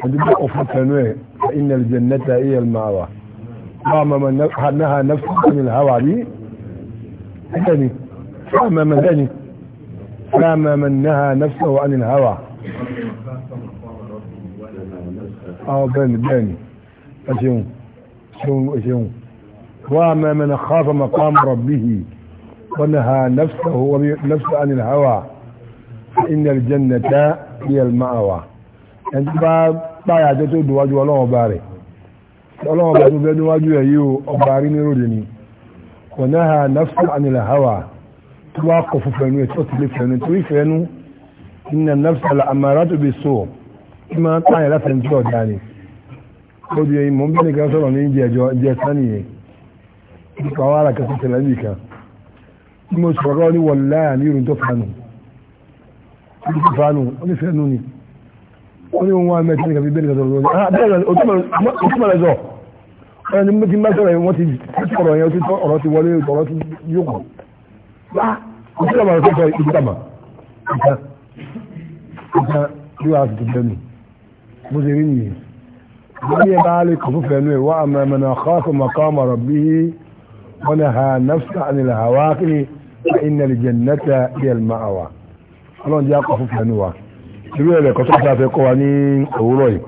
حديث أفكانوه فإن الجنة هي المعوى طعم من نهى نفسه من الهوى دي ثاني يعني، طعم من ثاني يعني، طعم من نهى نفسه عن الهوى أو آه، بني بني اشيون اشيون اشيون وما من خاف مقام ربه ونهى نفسه ونفسه عن الهوى فإن الجنة هي المأوى ẹni tí bá páyà tó tó dùnwájú ọlọ́wọ́n ọba rẹ̀ ọlọ́wọ́n ọba tó bẹ́ẹ̀ níwájú ẹ̀ yìí ọba rí ní ni kò náà ha nafsu anilẹ̀ hawa tó wá kọ̀ fún fẹ́nu ẹ̀ tó ti lè fẹ́nu torí fẹ́nu ìnà nafsu àmàrà tó bẹ so kí máa ń tààyàn láti ẹni ọ̀dà ni ó di ẹyin mọ̀ ń bẹ́ẹ̀ nìkan sọ̀rọ̀ ní ìjẹ́jọ́ ìjẹ́ sánìyẹn nípa wàhálà kẹsàn-án tẹ̀lé nìkan bí mo sọ̀rọ̀ ní wọ̀lá ní ìrùn fanu ó fanu ó ní fẹ́nu ni wọ́n ní wọn mẹ́tí ní kàbí bẹ́ẹ̀ nìkan lọ́wọ́ bẹ́ẹ̀ òtúmọ̀ rẹ̀ sọ ọ̀rọ̀ ni mo ti máa sọ̀rọ̀ yẹn wọ́n ti sọ̀rọ̀ yẹn ọ̀rọ̀ ti wọlé ọ̀rọ̀ ti yókù bá òtúmọ̀ rẹ̀ sọ̀rọ̀ ìdíkàmà nǹkan nǹkan bí wàá tuntun bẹ́ẹ̀ nù bó ṣe rí nìyẹn wọ́n yẹ bá lè kọ̀ọ̀fù fẹ́ẹ́ nù ẹ̀ wá àmọ́ ẹ̀mọ́ náà kọ́ fún mọ̀kọ́ mọ̀rọ̀ bí wọ́n ní ha nafsa ni la hawa kiri fa inna al jannata hiya al ma'wa ọlọ́run jẹ́ akọ̀ọ̀fù fẹ́ẹ́ nù wa irú ẹ̀rẹ̀ kọ́ tó bá fẹ́ kọ́ wa ní òwúrọ̀ yìí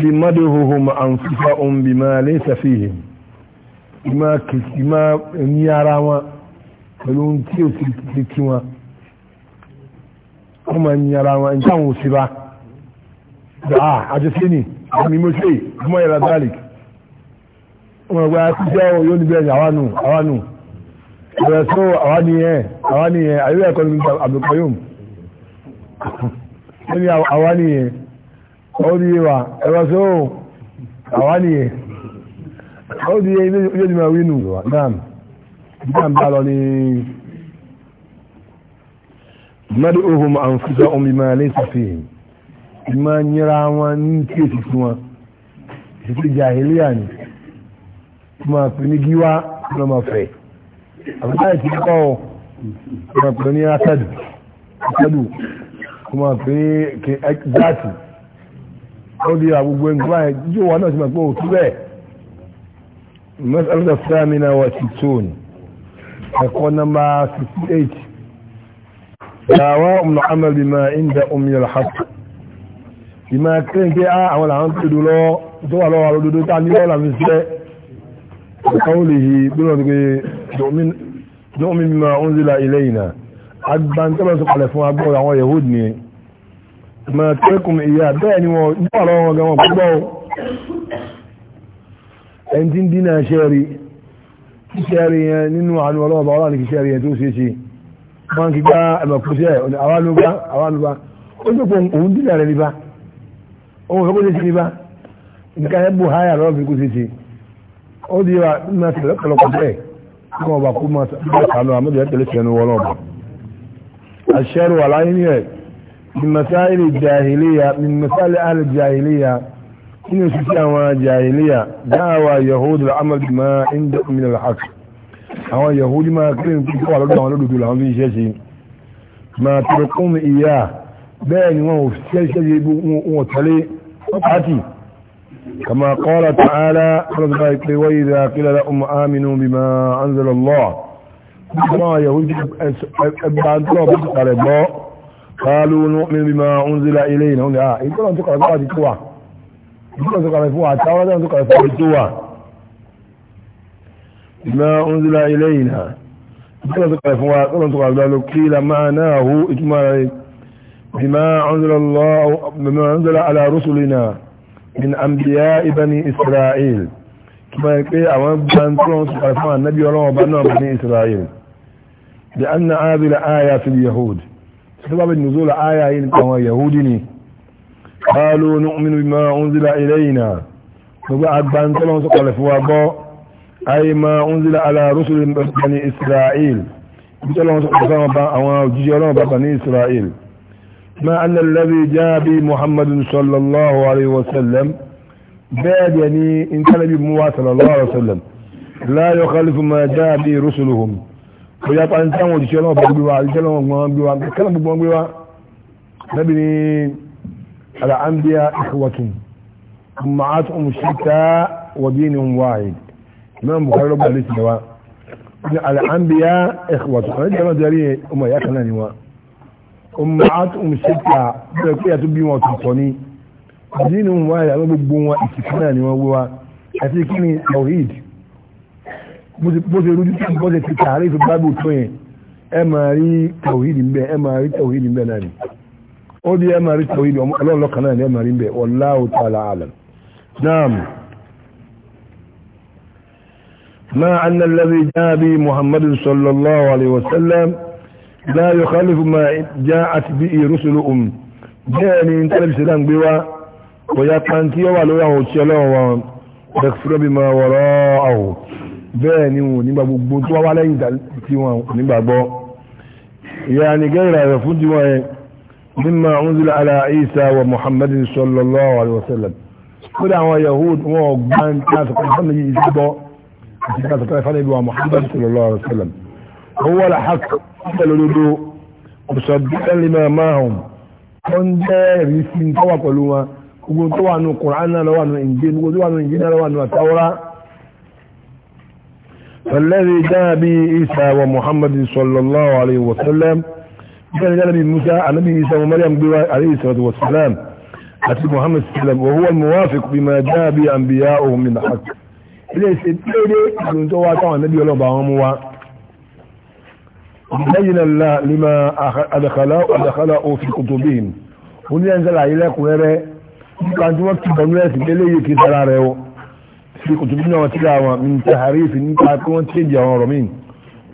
bí mọ́dé hoho ma à ń fífa ohun bí máa lé sẹ́fì yìí ìmá kìí máa ní ara wọn pẹ̀lú ohun tí ò ti kí wọn wọ́n máa ní ara wọn níta wọn sí bá dáa ah, àjọṣe ni àmì mo ṣe ìmọ̀ yàrá dalek wọ́n gba ṣíṣẹ́ yóò níbẹ̀ ní àwa nù àwa nù ẹ̀rẹ̀ tó àwọn ni ẹ̀ àwọn ni ẹ̀ àríwá ẹ̀kọ́ ní àbùkọ́yùm ó ní àwọn ni ẹ̀ ó ní wà ẹ̀rọ tó àwọn ni ẹ̀ ó ní ẹ̀ ilé ìjọba wínú náà náà bá lọ ní mẹ́rin ohun àǹfíṣà omi máa lè sàfihàn ìmá nyẹ́ra wọn ní kí ni máa pè abdullahi ti kọ́ ọ kuma pè ní asadu asadu kuma pè ní zaati ó di àgbogbo ẹgbẹ́ báyìí jíjọ wa náà ti mọ̀ pé òtú bẹ́ẹ̀ masalata samina wa sitton ẹ̀kọ́ nọ́mbà 68 dàwa ọmọ amal bima inda omi alhaq bima kírin pé á ah, àwọn làwọn tó dúró lọ tó wà lọ́wọ́ àlódodo tá a ní lọ́wọ́ làwọn fi ṣe ẹ̀kọ́ òlì yìí gbọ́dọ̀ نؤمن بما أنزل إلينا أجبان كما سقال فما أقول عن يهودني ما تركم إياه بأني وقالوا وقالوا وقالوا أنتين دينا شاري kíṣẹ́rí yẹn nínú àánú ọlọ́ọ̀bá ọlọ́ọ̀ni kíṣẹ́rí yẹn tó ṣe ṣe wọ́n kí gbá ẹ̀mọ̀kúṣẹ́ àwálúbá ó tó pọ̀ òun dínà rẹ̀ nípa ohun ìfẹ́ kó ṣe ṣe nípa nǹkan ẹ̀bù háyà lọ́ọ̀bí kó ṣe ṣe ó di wa nígbà tí ọ̀pọ̀lọpọ̀ bẹ́ẹ̀ kuma ba kuma kanu a majalata lissanin wani ba a shayar wa lahiniyar min masaili jahiliya min misali ahli jahiliya ina su cewa jahiliya da'awa yahudu al'amal ma inda min al-haq àwọn yahudi ma kirin kuma wa lọ́dọ̀ àwọn lọ́dọ̀ àwọn fi ṣe ṣe ma turkun iya bẹ́ẹ̀ ni wọn ò ṣe ṣe ṣe wọn tẹ̀lé wọn كما قال تعالى وإذا قيل لهم آمنوا بما أنزل الله ما يهجب أبعاد الله قالوا نؤمن بما أنزل إلينا هم آه يقولون تقرأ فوعة تقوى يقولون تقرأ فوعة تقوى تقرأ فوعة تقوى بما أنزل إلينا يقولون تقرأ فوعة يقولون تقرأ فوعة قيل معناه إجمال بما أنزل الله بما أنزل على رسلنا min anbiya'i bani israel tó bá yẹ pé àwọn gbàntúrọ̀ sọ pàdé fún ànábì ọlọ́wọ́ bá náà bani israel bí an na ábìlà áyà fi yahud tó bá bẹ nùzọ́lá áyà yìí nípa àwọn yahudi ni قالوا نؤمن بما أنزل إلينا gbogbo agbantọ́lọ́n sọ kọlẹ̀ fún wa gbọ́ ayé ma ń zílẹ̀ aláàrúsùlẹ̀ bani israel ìjọ́lọ́n sọ kọlẹ̀ fún àwọn òjíjẹ́ ọlọ́run ní israel ما أن الذي جاء به محمد صلى الله عليه وسلم بعد يعني إن كان بموا صلى الله عليه وسلم لا يخالف ما جاء به رسلهم ويبقى أن تنوى جشلون بقبوا جشلون بقبوا كلام بقبوا نبني الأنبياء إخوة أمعاتهم الشتاء ودينهم واحد إمام بخاري رب العالمين الأنبياء إخوة أنا جمع داري أمي أخنا نواء ummahatuhum shatta bẹ́ẹ̀ pé àti bí wọn tọ̀tọ̀ ni dínú wọn yà gbogbo wọn ìsìnkánà ni wọ́n wé wa àti kí ni tawhid bó ṣe rújú tí bó ṣe ti tààrí fi bábù tó yẹn ẹ máa rí tawhid ń bẹ ẹ máa rí tawhid ń bẹ náà ni ó di ẹ máa rí tawhid náà ni ẹ máa rí ń bẹ wallahu ta'ala alam naam sallallahu alaihi wasallam لا يخالف ما جاءت به رسلهم جاني انت السلام بوا ويا كانتي ولو يا وشلو يكفر بما وراءه باني نيبا غبو تو wa lẹ́yìn tí wọ́n nígbàgbọ́ يعني غير يفوت ما مما انزل على عيسى ومحمد صلى الله عليه وسلم كل àwọn يهود wọ́n gbà nta so kan ni ìgbàgbọ́ àti kan so kan fa ni wa Muhammad sallallahu alaihi wasallam هو الحق فلولدو مصدقا لما معهم wọ́n jẹ́ ẹ̀rí sí ń tọ́wà pẹ̀lú wọn gbogbo tó wà nù kùrán náà lọ́wọ́ nù ìjìn gbogbo tó wà nù ìjìn náà lọ́wọ́ nù àtàwọ́rá pẹ̀lẹ́rì dáa bí isa wa muhammad sallallahu alaihi wa sallam bẹ́ẹ̀ ni dáa bí musa anabi isa wa mariam gbé wa alaihi salatu wa salam àti muhammad sallam wa huwa muwafiq bí ma dáa bí anbiya ohun min haq ilé ìṣe tí ó dé ìlú tó wá táwọn anabi ọlọ́ba wọn mú wa بين الله لما أدخله أدخله في كتبهم وني أنزل عليك ويرى كان جمعك بنوات بليه كتراره في كتبنا وتلاوة من تحريف نتاك وانتجي ورمين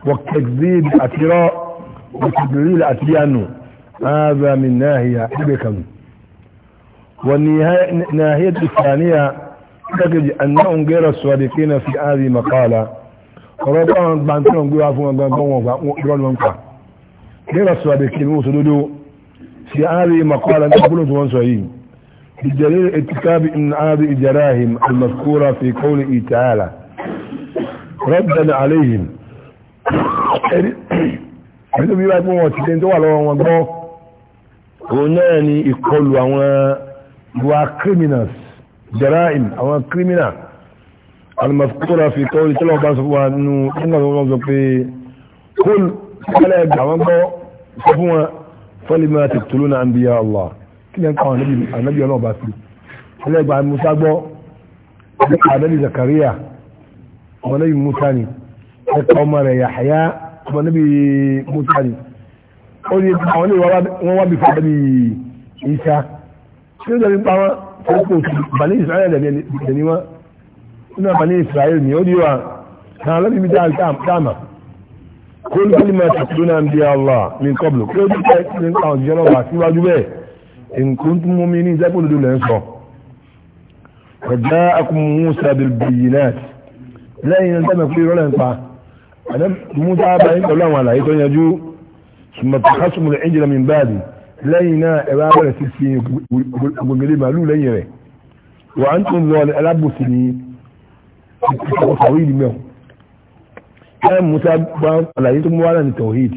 والتكذيب أتراء وتدليل أتيانه هذا من ناهية حبكم والنهاية الثانية تجد أنهم غير الصادقين في هذه المقالة ọ̀rọ̀ bá wọn gbà tí wọ́n gbé wá fún wọn gbọ́n wọn gbọ́n wọn pa nígbà sọ àdèkè ní oṣù dodo sí àárín makọ́ra ní abúlé tí wọ́n sọ yìí ìjẹ̀lẹ̀ ètìkábi ní àárín ìjẹ̀ráhìm almaskura fi kọ́lé ìtààlà rọ́bìdàn àléhìm ẹni bí wáyé fún wọn ti dé tó wà lọ́wọ́ wọn gbọ́ òun náà ni ìkọlù àwọn ìwà criminals jẹ̀ráhìm àwọn criminals المذكورة في قول تلو بان صفوها انه انه الله في كل فلا يبدع وانقو صفوها فلما تقتلون انبياء الله كلا ينقو النبي النبي الله باسل فلا يبدع موسى بو النبي زكريا ونبي موسى قوم يحيى ونبي موسى oni àwọn ilé wọn wá bí fún àbẹ́bí ìṣá tí ó jẹ́ nípa wọn tó kò sí bàní ìsìláyà dẹ̀ ni wọn nínú àbáni Israel ni ó di wa náà lọ́bí mi dáàmà kó ní kí ni máa tàbí lónà ń bí Allah mi kọ́bùlù kí ó bí pẹ́ ní àwọn òjijì ọlọ́wà síwájú bẹ́ẹ̀ nǹkan tó mú mi ní ìsẹ́pọ̀ lódò lẹ́ ń sọ ọ̀dá akùnmù Musa bil-bayyinat lẹ́yìn ní tẹ́mẹ̀ pé rọ́lẹ̀ ń pa àdá Musa bá yín pẹ̀lú àwọn àlàyé tó yanjú sùmọ̀tò hásùmùlẹ̀ ẹ̀jìnlẹ̀ mi báàdì lẹ́yìn náà ẹ̀rọ abẹ́rẹ́ sí fi gbogbo màálù lẹ́yìn rẹ̀ wà á ń tún lọ alábòsí ni ìtàkùn tawhid mẹ́wọ̀n ẹ̀ musa gba àlàyé tó mú wá náà ní tawhid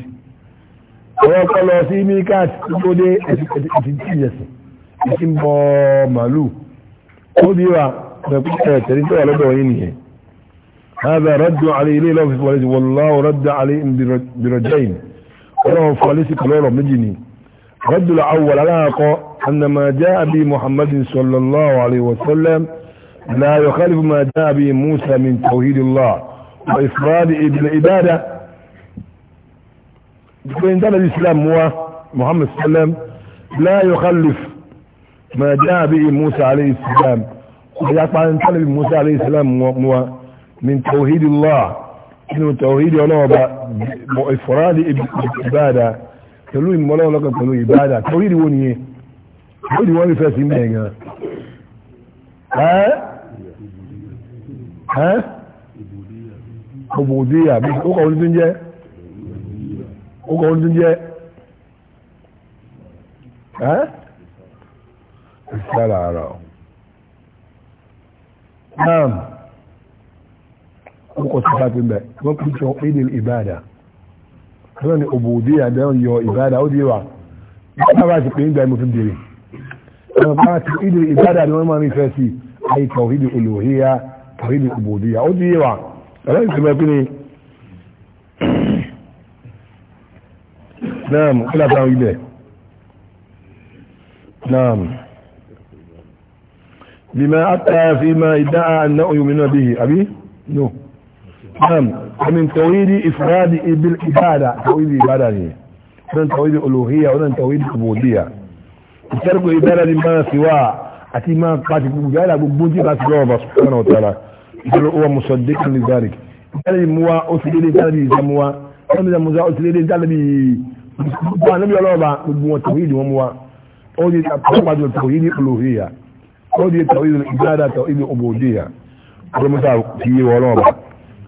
ọ̀rọ̀ kọ́ lọ sí mílíkàt tó dé ẹ̀sìn ìjẹsìn ẹ̀sìn bọ́ màálù ó bí wa tẹ̀rí tó wà lọ́dọ̀ yìí nìyẹn هذا رد عليه ليه لو في فواليس والله رد عليهم برجين ولو فواليس كلورو مجني رد الأول على أن ما جاء به محمد صلى الله عليه وسلم لا يخالف ما جاء به موسى من توحيد الله وإفراد ابن عبادة فإن دل الإسلام هو محمد صلى الله عليه وسلم لا يخلف ما جاء به موسى عليه السلام ويقع أن موسى عليه السلام هو من توحيد الله إنه توحيد ونوبة وإفراد ابن عبادة كلو إن ملاو لقد كلو عبادة توحيد ونيه توحيد ونيه فاسمين ها ẹ́ òbòdìyà ó kọ̀ orí tó ń jẹ́ ó kọ̀ orí tó ń jẹ́ ẹ́ ìsára ara ọ̀ náà ó kọ̀ sípa tó ń bẹ̀ wọ́n kì í sọ èdè ìbáàdà wọ́n ní òbòdìyà bẹ́ẹ̀ yọ ìbáàdà ó di wa wọ́n bá ti pè é ń gba ẹ̀mọ́ fún bèrè wọ́n bá ti èdè ìbáàdà ni wọ́n máa ń rí fẹ́ sí àyíká òhìdì olùhìyà tàbí ní ìbòdìyà ó ti yé wa ẹlẹ́yìn tó mẹ́kí ni náà mú kí látàrí ilẹ̀ náà bímọ àtàfi máa ìdá àná òyìnbó bíi àbí no náà àmì tàwídì ìfúrádì ibil ìbáàdà tàwídì ìbáàdà ni wọn tàwídì olóhíyà wọn tàwídì ìbòdìyà ìtẹ́rùkù ìbáàdà ni máa fi wá àti máa pàtì gbogbo yàrá gbogbo tí bá ti lọ́wọ́ bá subhanahu wa ta'ala ìṣòro ó wà musaddiqan li dhalik ìtàlẹ̀ mu wa ó ti lédè ìtàlẹ̀ ìjà mu wa ìtàlẹ̀ ìjà mu wa ó ti lédè ìtàlẹ̀ bí gbogbo àná bí ọlọ́wọ́ bá gbogbo wọn tàwí ìdí wọn mu wa ó di àpapàjọ tàwí ìdí olóhìyà ó di tàwí ìdí ìgbàdà tàwí ìdí òbòdìyà ọdún mọ́ta ti yé wa ọlọ́wọ́ bá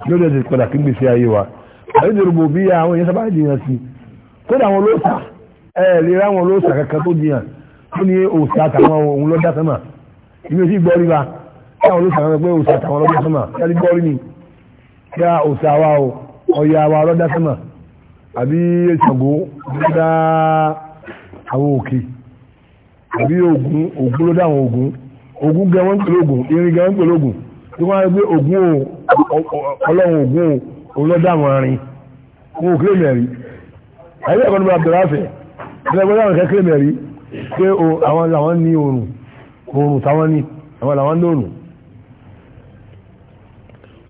lórí ẹ̀sìn padà kí gbèsè ayé wa àwọn ìdí rògbò bí àwọn èèyàn sábà jìyàn sí kódà àwọn olóòsà ẹ̀ẹ́dì ó ní òòsà àtàwọn òun lọ́dá sánmà ìlú sí gbọ́ ríra táwọn olóòsà kan pé òòsà àtàwọn lọ́dá sánmà yálí gbọ́ rí ni yá òòsà wa o ọ̀yà wa lọ́dá sánmà àbí ṣàngó lọ́dá àwọn òkè àbí ògún ògún lọ́dá àwọn ògún ògún gẹ wọ́n pẹ̀lú ògún irin gẹ wọ́n pẹ̀lú ògún tí wọ́n á gbé ògún ọlọ́run ògún o lọ́dá àwọn arin wọn ò kílè mẹ́rin àyẹ̀wò ẹ̀kọ́ ni mo àbẹ̀rẹ̀ àfẹ́ ẹ̀rẹ́ gbọ́dọ̀ àwọn kẹ́kẹ́ pé àwọn làwọn ní oòrùn oòrùn táwọn ní àwọn làwọn lóòrùn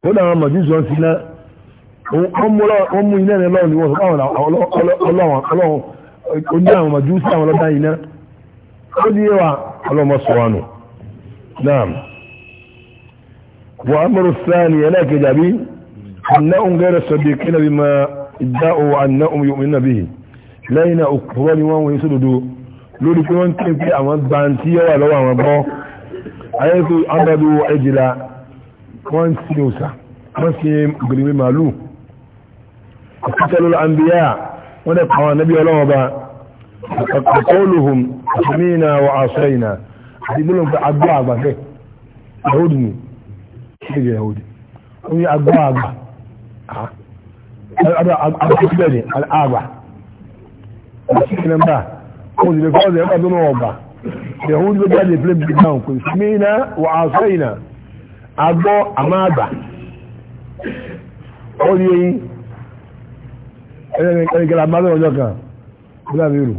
ó dàwọn mọ̀júsù ọ́n sí iná wọ́n mú iná ẹ̀rọ ni wọ́n sọ pé ọlọ́run ó ní àwọn mọ̀júsù àwọn ọlọ́dá iná ó ní ẹwà ọlọ́mọ náà wọ́n amúrú sáàni ẹlẹ́ẹ̀kejì àbí أنهم غير صديقين بما ادعوا أنهم يؤمنون به لين أكبر وهم lórí kí wọ́n tẹ́ pé àwọn gbàǹtí yọ́wà lọ́wọ́ àwọn bọ́ ayẹ́kù abẹ́bí ẹjìlá wọ́n sí òsà wọ́n sí gbèrègbè màálù ọ̀pítẹ́lú àmbíyà wọ́n dẹ̀ pàwọn anábí ọlọ́wọ́ bá ọ̀pọ̀lùhùn àmìnà wà àṣọ ìnà àti gbọ́lọ̀ pé agbá àgbà fẹ́ yahudi kò sì lè kọ́ ọ̀sẹ̀ ẹ̀kọ́ tó náà ọ̀gbà yẹ̀hún ló jáde plé bí náà kò sí mí iná wà á sọ ìnà agbọ́ àmáàgbà ó ní eyín ẹnìkẹ́lá bá lọ́wọ́ ọjọ́ kan ó dàbí rù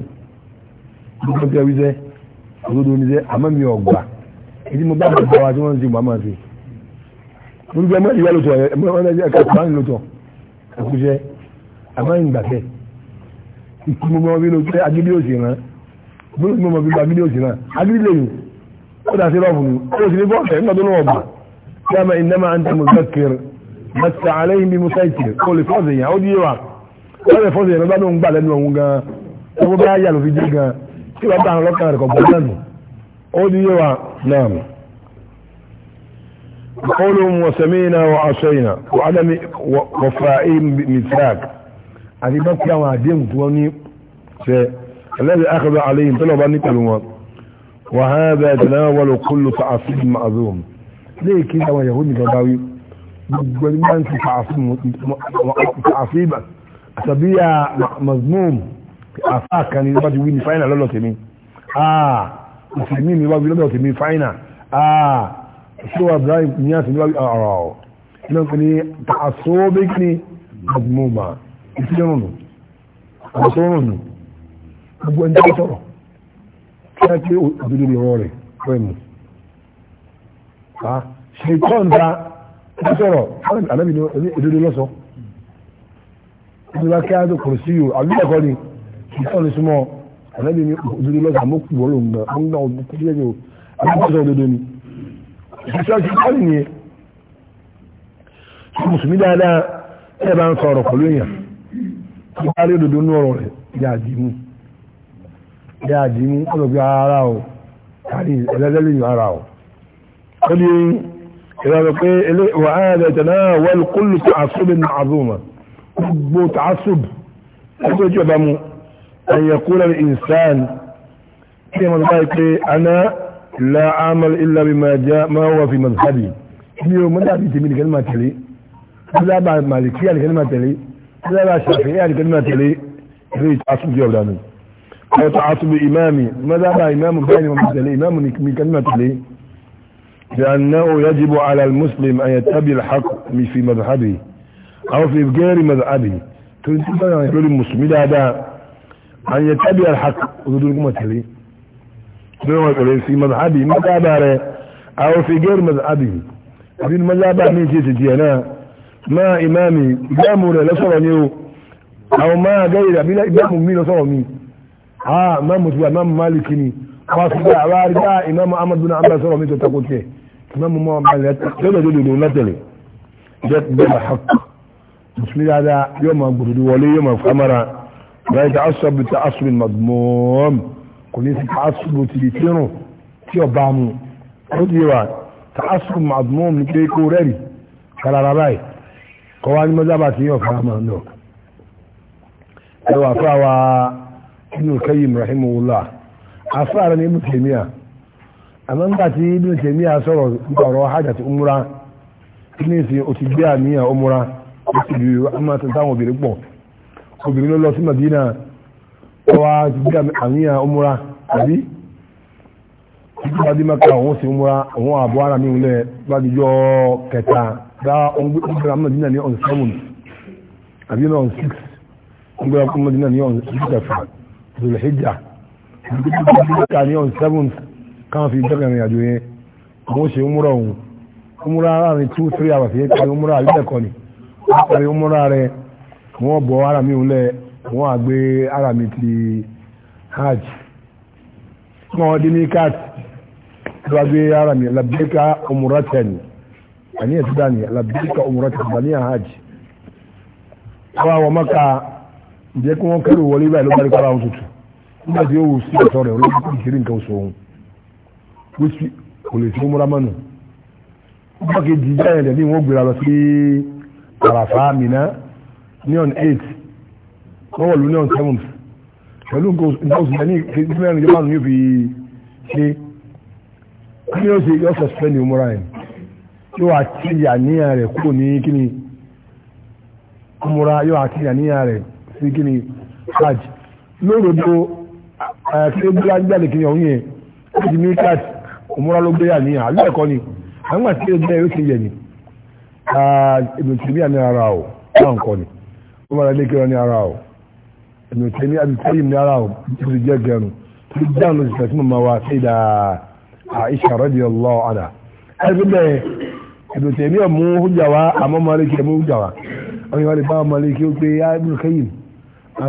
bí wọ́n ti ẹ wíṣẹ́ òdodo oníṣẹ́ àmọ́ mi ọ̀gbà èyí mo bá bọ̀ bọ̀ wá tí wọ́n ti wà máa fi orúkọ ẹmọ ìwà lótọ ẹmọ ẹka kùránì lótọ ẹkúṣẹ àmọ́ ìgbàfẹ́ ìkú mo mọ́ bí lótọ agídí òsì rán bóyá tí mo mọ̀ bí gba mílíọ̀sì náà agídí lè yìn ó dà sí rọ́ọ̀fù ni ó sì ní bọ́ọ̀sẹ̀ nígbà tó lọ́wọ́ bà yàmà ìnáma àǹtà mùsàkìr màtà àlẹ́yìn bí mùsàkìr kò lè fọ́ọ̀sẹ̀ yẹn ó di yẹwà ó lè fọ́ọ̀sẹ̀ yẹn bá ló ń gbà lẹ́nu ọ̀hún gan ẹgbẹ́ bá yà ló fi dé gan kí wàá bá ọlọ́kàn rẹ̀ kọ̀ bọ́ náà ó di yẹwà náà قولهم وسمينا وعصينا وعدم وفائهم بمثلاك àti bá kí àwọn àdéhùn tí wọ́n ní ṣe الذي أخذ عليهم طلب أن يتلوان وهذا يتناول كل تعصيب معظوم ليه كده ويهودي كباوي بالمان في تعصيب أسابيع مظموم أفاق كان يبقى يويني فاينة لولا تمين آه مسلمين يبقى يويني لولا تمين فاينة آه شو أبراهيم نياس يبقى أعراو إنه كني تعصوبك مظمومة يسيرونه يسيرونه gbogbo ẹni tó sọ̀rọ̀ kí á pé òdodo lọ́rọ̀ rẹ̀ pẹ́ mu. ṣe tán ta ó sọ̀rọ̀ alábì ní òdodo lọ́sọ̀ ìjọba kí á tó kùrù sí yòó àbí ẹ̀kọ́ ni kì í tán ní súnmọ́ alábì ní òdodo lọ́sọ̀ àmọ́ kù wọ́n lòun náà wọ́n náà wọ́n kú sílẹ̀ yòó o wọ́n sọ òdodo ni. ìṣe ọ̀sẹ̀ kọ́ nìyẹn ṣe mùsùlùmí dáadáa ẹ̀ bá ń sọ̀rọ̀ pẹ̀lú èèyàn kí wọ́n á rí òdodo nú ọ̀rọ̀ rẹ̀ yá àdìmú. bí àdìmú ọlọ́gbé ara o kárí ẹlẹ́lẹ́lẹ́yìn ara o ó ní ìrọ̀rọ̀ pé ilé wà á rẹ̀ tẹ̀lé wọ́n kúlù tó àṣùbì ní àzùmọ̀ gbogbo tó àṣùbì ẹgbẹ́ ojú ọba mu ẹ̀yẹ kúrẹ̀ ìsàn kí ẹmọ bá pé aná la amal illa bi ma ja ma wa fi mazhabi mi o mun da bi temi digan ma tele da ba maliki ya digan ma tele da ba shafi'i ya digan ma tele ri asu job da nan يتعاطب إمامي ماذا بقى إمام ثاني ومثل إمام من كلمة لي لأنه يجب على المسلم أن يتبع الحق في مذهبه أو في غير مذهبه تنتبه يقول المسلم إذا هذا أن يتبع الحق ويقول مثلي في مذهبه مذهبه أو في غير مذهبه في المذهب من تيتي أنا ما إمامي إمامنا لصرني أو ما غير بلا إمام مين لصرني ah imam mutuwa imam maliki ni wa su da wa riga imam ahmad bin abdul sallam mito takuce imam mu ma la dole dole dole latale dat bil haqq muslimi da yo ma gudu wali yo ma famara la ta'assab bi ta'assub madmum kulli ta'assub tilitinu tí ó bá ta'assub madmum ni ke ko rari kala rabai ko wa ni mazaba ti yo famara no ẹwà fáwa ibn kayyim rahimahullah afára a ibn tèmíà àmọ́ nígbà tí ibn tèmíà sọ̀rọ̀ nípa ọ̀rọ̀ hajj àti umra o ti gbé àníyàn umra o ti bí ọmọ tó táwọn obìnrin pọ̀ obìnrin madina ó wá ti gbé àníyàn umra àbí maka òun sì umra òun àbọ̀ ara mi lẹ̀ bá ní on madina ní zulhijja ìdíkà ní on 7th kan fi jẹ́gà ní àjò yẹn mo ṣe umura ohun umura ara ni 2-3 hours yẹn kari umura alẹ́kọ̀ ni wọ́n kari umura rẹ wọ́n bọ̀ ara mi ulẹ̀ wọ́n àgbé ara mi ti hajj wọ́n dín ní kat lọ́gbé ara mi labẹ́ka umuratan àní ẹ̀ ti dá ni labẹ́ka umuratan bani hajj wọ́n àwọn maka jẹ́ kí wọ́n kẹ́rù wọlé báyìí ló bá rí kára wọn tutù nígbà tí ó wù sí ọ̀tọ̀ rẹ̀ olóògùn kò kiri nǹkan oṣù òun wíṣí kò lè fi múra mọ́nu ọjọ́ kejì ìjà yẹn lẹ́ni wọ́n gbéra lọ sí àràfà Mínà ní on eight wọ́n wọ̀ lù ní on seventh pẹ̀lú nǹkan oṣù lẹ́ni kejì mẹ́rin yóò máa nù yóò fi ṣe kí ni ó ṣe yọ suspend múra yẹn yóò àti àníyàn rẹ̀ kúrò ní kíni múra yóò àti àníyàn rẹ̀ sí kíni hajj lóòrò Eh, kí ló gbéra jáde kí ni ọ̀hún yẹn ó ti ní káàtì òmùra ló gbéra ní àlú ẹ̀kọ́ ni àwọn àti ilé gbéra yóò ti yẹ ni ìbò tèmi àmì ara o náà nǹkan ni ó máa lé kíra ní ara o ìbò tèmi àti tẹ́yìn ní ara o tó ti jẹ́ gẹ̀rù tó ti dáhùn ló ti tẹ̀sí mọ́ wa sí ìdá Aisha radiyallahu anha ẹgbẹ́ bẹ́ẹ̀ ìbò tèmi ọ̀mú hújà wa àmọ́ máa lé kí ẹmú hújà wa ọ̀yìn wa lè bá wa máa lé kí ó pé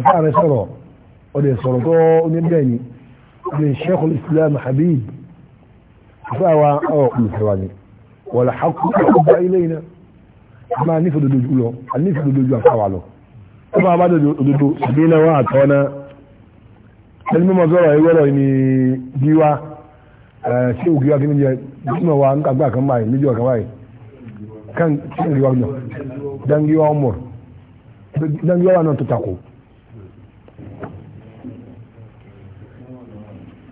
á ọdẹ sọ̀rọ̀ tó oníbẹ̀ ni ọdẹ sheikh islam habib fáwa ọ̀ olùfẹ́wà ni wọ́n lè hakú ọgbà ilé iná a máa nífẹ̀ẹ́ dodojú lọ a nífẹ̀ẹ́ dodojú àfáwà lọ ó máa bá dododo ṣàbí náà wọ́n àtọ́ náà ẹni mímọ sọ̀rọ̀ ìwọ́rọ̀ ni giwa ṣé òkè wa kí ni jẹ bímọ wa ń kàgbà kan báyìí níjọ kan báyìí kan ṣé òkè wa náà dangiwa ọmọ dangiwa náà tó takò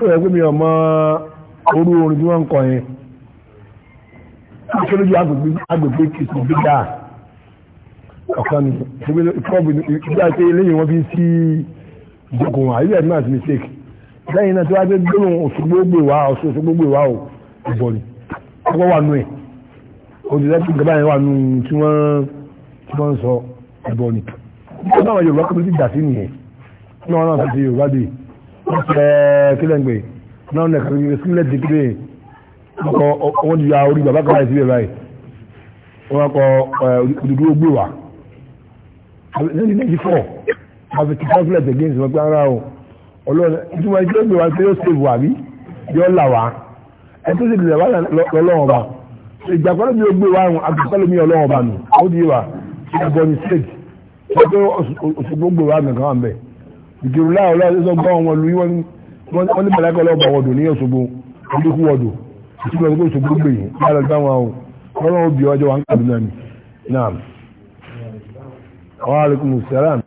ó yẹ kó mi ọmọ orú orin tí wọ́n ń kọ yẹn aṣọ́lójú agbègbè kìsì gbígbà ọ̀kan ní ìfọ́bù ìgbà pé eléyìí wọ́n fi ń sí ìjókòó wọn àyíká ìdúnà àti mistake lẹ́yìn náà tí wọ́n á fẹ́ gbóhùn òṣùgbó gbè wá ọ̀ṣun òṣùgbó gbè wá ò ìbọ̀ ni ọgbọ́n wà nù ẹ̀ òṣìṣẹ́ tí gaba yẹn wà nù tí wọ́n tí wọ́n ń sọ ìbọ̀ ni. ìjọba àwọn Yorùbá kọ́mí ti dà sí nìyẹn ní wọn náà fi ti Yorùbá dé yìí kílẹ̀ ń gbé náà nẹ̀ kàbí gbé sílẹ̀ ti kílẹ̀ ọkọ̀ wọ́n ti ya orí bàbá kan láì sílẹ̀ báyìí wọ́n kọ òdòdó gbé wà lẹ́yìn méjì fọ́ àfi ti conflict against wọn pé ara o ọlọ́run ìtumọ̀ ìjọba ìgbé wa ṣe yóò save wà bí yóò là wá ẹ̀ tó sì lè wá lọ́wọ́ wa ìjàpọ̀lọ́ mi ò gbé wa àgbàpọ̀lọ́ mi ọlọ́wọ́ bá nù ó di wa ìbọn ní state ṣe pé òṣogbo gbé wa nìkan wà ń bẹ̀ ìjòrò láàrọ̀ lọ́sọ̀ gbọ́ wọn lu wọ́n ní mọ̀lẹ́kọ̀ lọ́bọ̀ wọ̀dù ní Òṣogbo oníkú wọ̀dù ìṣúná tó Òṣogbo gbè yìí láàrọ̀ táwọn o wọ́n lọ́wọ́ bí ọjọ́ wa ń kàdúnà ni naam. wa alaikum salam.